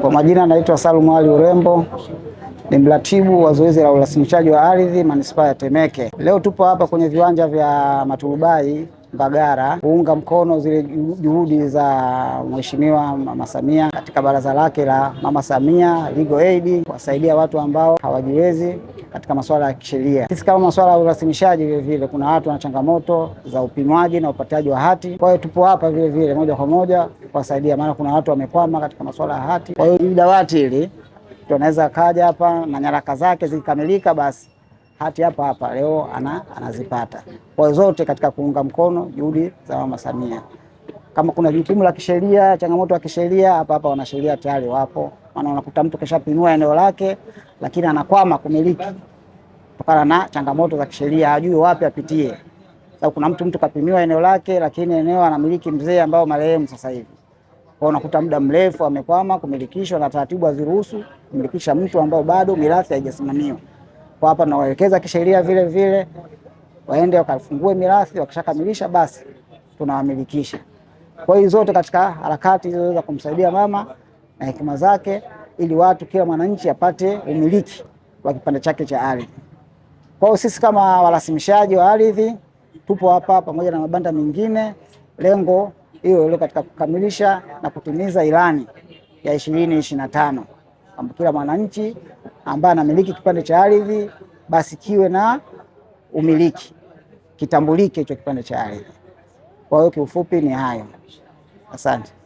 Kwa majina naitwa Salum Ali Urembo, ni mratibu wa zoezi la urasimishaji wa ardhi manispaa ya Temeke. Leo tupo hapa kwenye viwanja vya Maturubai Mbagara kuunga mkono zile juhudi za Mheshimiwa Mama Samia katika baraza lake la Mama Samia Legal Aid kuwasaidia watu ambao hawajiwezi katika masuala ya kisheria. Sisi kama masuala ya urasimishaji vile vile, kuna watu wana changamoto za upimwaji na upatiaji wa hati. Kwa hiyo tupo hapa vile vile moja kwa moja kuwasaidia, maana kuna watu wamekwama katika masuala ya hati. Kwa hiyo hili dawati hili tunaweza kaja hapa na nyaraka zake zikikamilika, basi hati hapa hapa leo ana, anazipata kwa zote katika kuunga mkono juhudi za Mama Samia. Kama kuna jukumu la kisheria, changamoto ya kisheria, hapa hapa wanasheria tayari wapo, maana unakuta mtu kishapinua eneo lake, lakini anakwama kumiliki kutokana na changamoto za kisheria, hajui wapi apitie. Sasa kuna mtu mtu kapimiwa eneo lake, lakini eneo anamiliki mzee ambao marehemu sasa hivi kwa unakuta muda mrefu amekwama kumilikishwa, na taratibu haziruhusu kumilikisha mtu ambao bado mirathi haijasimamiwa kwa hapa tunawawekeza kisheria vile vile, waende wakafungue mirathi, wakishakamilisha basi tunawamilikisha. Kwa hiyo zote katika harakati hizo za kumsaidia mama na hekima zake, ili watu kila mwananchi apate umiliki wa kipande chake cha ardhi. Kwa hiyo sisi kama warasimishaji wa ardhi tupo hapa pamoja na mabanda mengine, lengo hiyo ile katika kukamilisha na kutimiza ilani ya ishirini ishirini na tano kila mwananchi ambaye anamiliki kipande cha ardhi, basi kiwe na umiliki, kitambulike hicho kipande cha ardhi. Kwa hiyo kiufupi ni hayo, asante.